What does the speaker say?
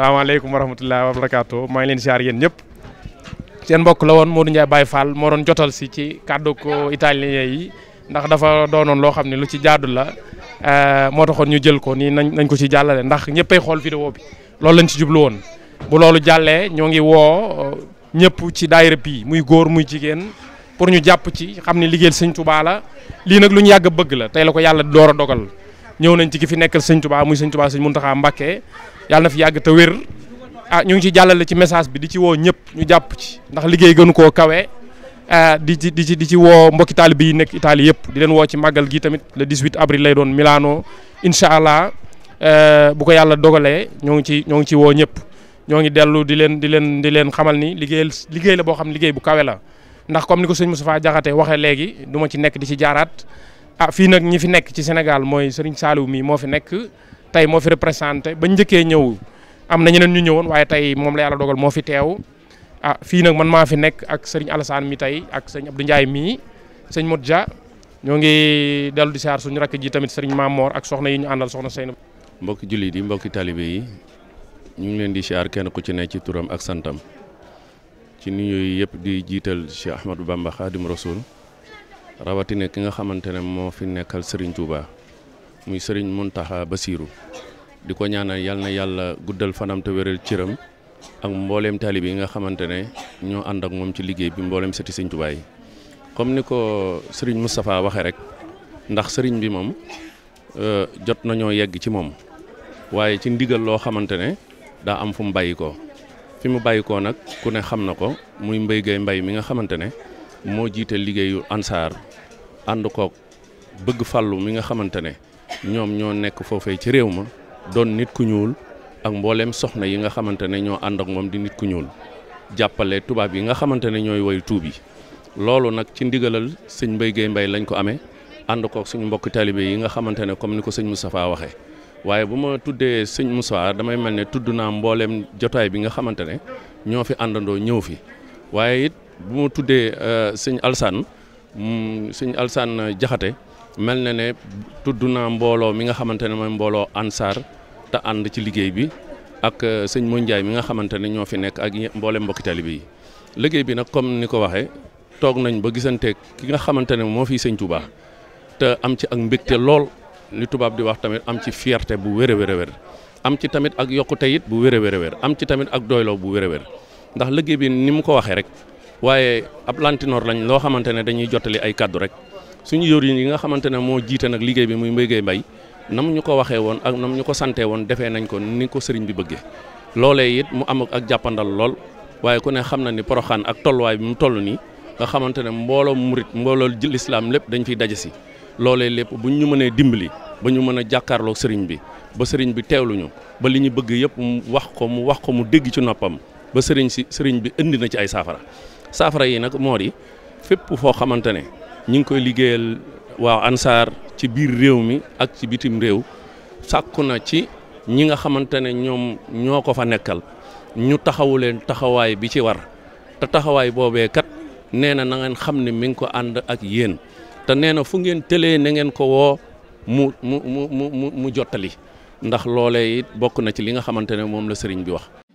salaamaaleykum wa rahmatulah wa barakaatu maa ngi leen siyaar yéen ñëpp seen mbokk la woon Modou Ndiaye Baye Fall moo doon jotal si ci kàddu ko italien yi ndax dafa doonoon loo xam ne lu ci jaadu la eh, moo taxoon ñu jël ko nii nañ nañ ko ci jàllale ndax ñëppay xool vidéo bi loolu lañ ci jublu woon bu loolu jàllee ñoo ngi woo uh, ñëpp ci daayira bi muy góor muy jigéen pour ñu jàpp ci xam ni liggéeyal sëñ Touba la lii nag lu ñu yàgg bëgg la tey la ko yàlla door a dogal ñëw fi nekkal sëñ Touba muy sëñ Touba sëñ Mountakha Mbacké yàlla na fi yàgg te wér ah ñu ngi ci jàllale ci message bi di ci woo ñëpp ñu jàpp ci ndax liggéey gënu koo kawe ah, di ci di ci di ci woo mbokki taalibe yi nekk Italie yëpp di leen woo ci màggal gi tamit le 18 avril lay doon Milano incha allah eh, bu ko yàlla dogalee ñoo ngi ci ñoo ngi ci woo ñëpp ñoo ngi dellu di leen di leen di leen xamal ni liggéeyal liggéey la boo xam liggéey bu kawe la ndax comme ni ko sëñ Moustapha Diakhaté waxee léegi du ma ci nekk di ci jaaraat ah fii nag ñi fi nekk ci Sénégal mooy Serigne Saliou mii moo fi nekk tey moo fi représenté ba njëkkee ñëw am na ñeneen ñu ñëwoon waaye tey moom la yàlla dogal moo fi teew ah fii nag man maa fi nekk ak sëriñ Alassane mi tey ak sëriñ Abdou Ndiaye sëñ Modou Dia ñoo ngi dellu di siyaar suñu rakk ji tamit sëriñ Mamor ak soxna yi ñu àndal soxna Seyna. mbokki jullit yi mbokki talibe yi ñu ngi leen di siyaar kenn ku ci ne ci turam ak santam ci ni yooyu yëpp di jiital Cheikh Ahmadou Bamba Khadim Rasoul rawatina ki nga xamante ne moo fi nekkal sëriñ Touba muy sëriñ Mountakha Bassirou. di ko ñaanal yal na yàlla guddal fanam te wéral cëram ak mbooleem taalibe yi nga xamante ne ñoo ànd ak moom ci liggéey bi mbooleem sëti sëñ Tuubaa yi comme ni ko sëriñ Moustapha waxee rek ndax sëriñ bi moom euh, jot nañoo yegg ci moom waaye ci ndigal loo xamante ne daa am fu mu bàyyi ko fi mu bàyyi ko nag ku ne xam na ko muy mbéy gay mbay mi nga xamante ne moo jiite liggéeyul ansaar ànd koog bëgg fàllu mi nga xamante ne ñoom ñoo nekk foofee ci réew ma doon nit ku ñuul ak mbooleem soxna yi nga xamante ne ñoo ànd ak moom di nit ku ñuul jàppale tubaab yi nga xamante ne ñooy woy tuub yi loolu nag ci ndigalal sëñ Mbaye Guèye Mbaye lañ ko amee ànd kook suñu mbokk taalibe yi nga xamante ne comme ni ko sëñ Moustapha waxee waaye bu ma tuddee sëñ Moustapha damay mel ne tudd naa mbooleem jotaay bi nga xamante ne ñoo fi àndandoo ñëw fi waaye it bu ma tuddee euh, sëñ Alsaan mm, sëñ Alsaan Jaxate mel na ne tudd naa mbooloo mi nga xamante ne mooy mbooloo ansaar te ànd ci liggéey bi ak euh, sëñ Moñ Njaay mi nga xamante ne ñoo fi nekk ak mboole mbokki taalibe yi liggéey bi nag comme ni ko waxee toog nañ ba gisante ki nga xamante ne moo fi sëñ Touba te am ci ak mbégte lool li tubaab di wax tamit am ci fierté bu wér a am ci tamit ak yokkute it bu wér a wér am ci tamit ak doyloo bu wér a wér ndax liggéey bi ni mu ko waxee rek waaye ab lantinoor lañ loo xamante ne dañuy jottali ay kàddu rek suñu jëwriñ yi nga xamante ne moo jiite nag liggéey bi muy Mbaye Gueye na nam ñu ko waxee woon ak nam ñu ko santee woon defee nañ ko ni ko sëriñ bi bëggee loolee it mu am ak jàppandal lool waaye ku ne xam na ni poroxaan ak tolluwaay bi mu toll nii nga xamante ne mbooloo murit mbooloo lislaam lépp dañ fiy daje si loolee lépp buñ ñu mënee dimbali ba ñu mën a jàkkaarloo sëriñ bi ba sëriñ bi teewluñu ba li ñu bëgg yëpp mu wax ko mu wax ko mu dégg ci noppam ba sëriñ si sëriñ bi indi na ci ay saafara saafara yi nag moo xamante ne ñu ngi koy liggéeyal waaw ansaar ci biir réew mi ak ci bitim réew sàkku na ci ñi nga xamante ne ñoom ñoo ko fa nekkal ñu taxawu leen taxawaay bi ci war te taxawaay boobee kat nee na na ngeen xam ne mi ngi ko ànd ak yéen te nee na fu ngeen tëlee na ngeen ko woo mu mu mu mu mu jottali ndax loole it bokk na ci li nga xamante ne moom la sëriñ bi wax.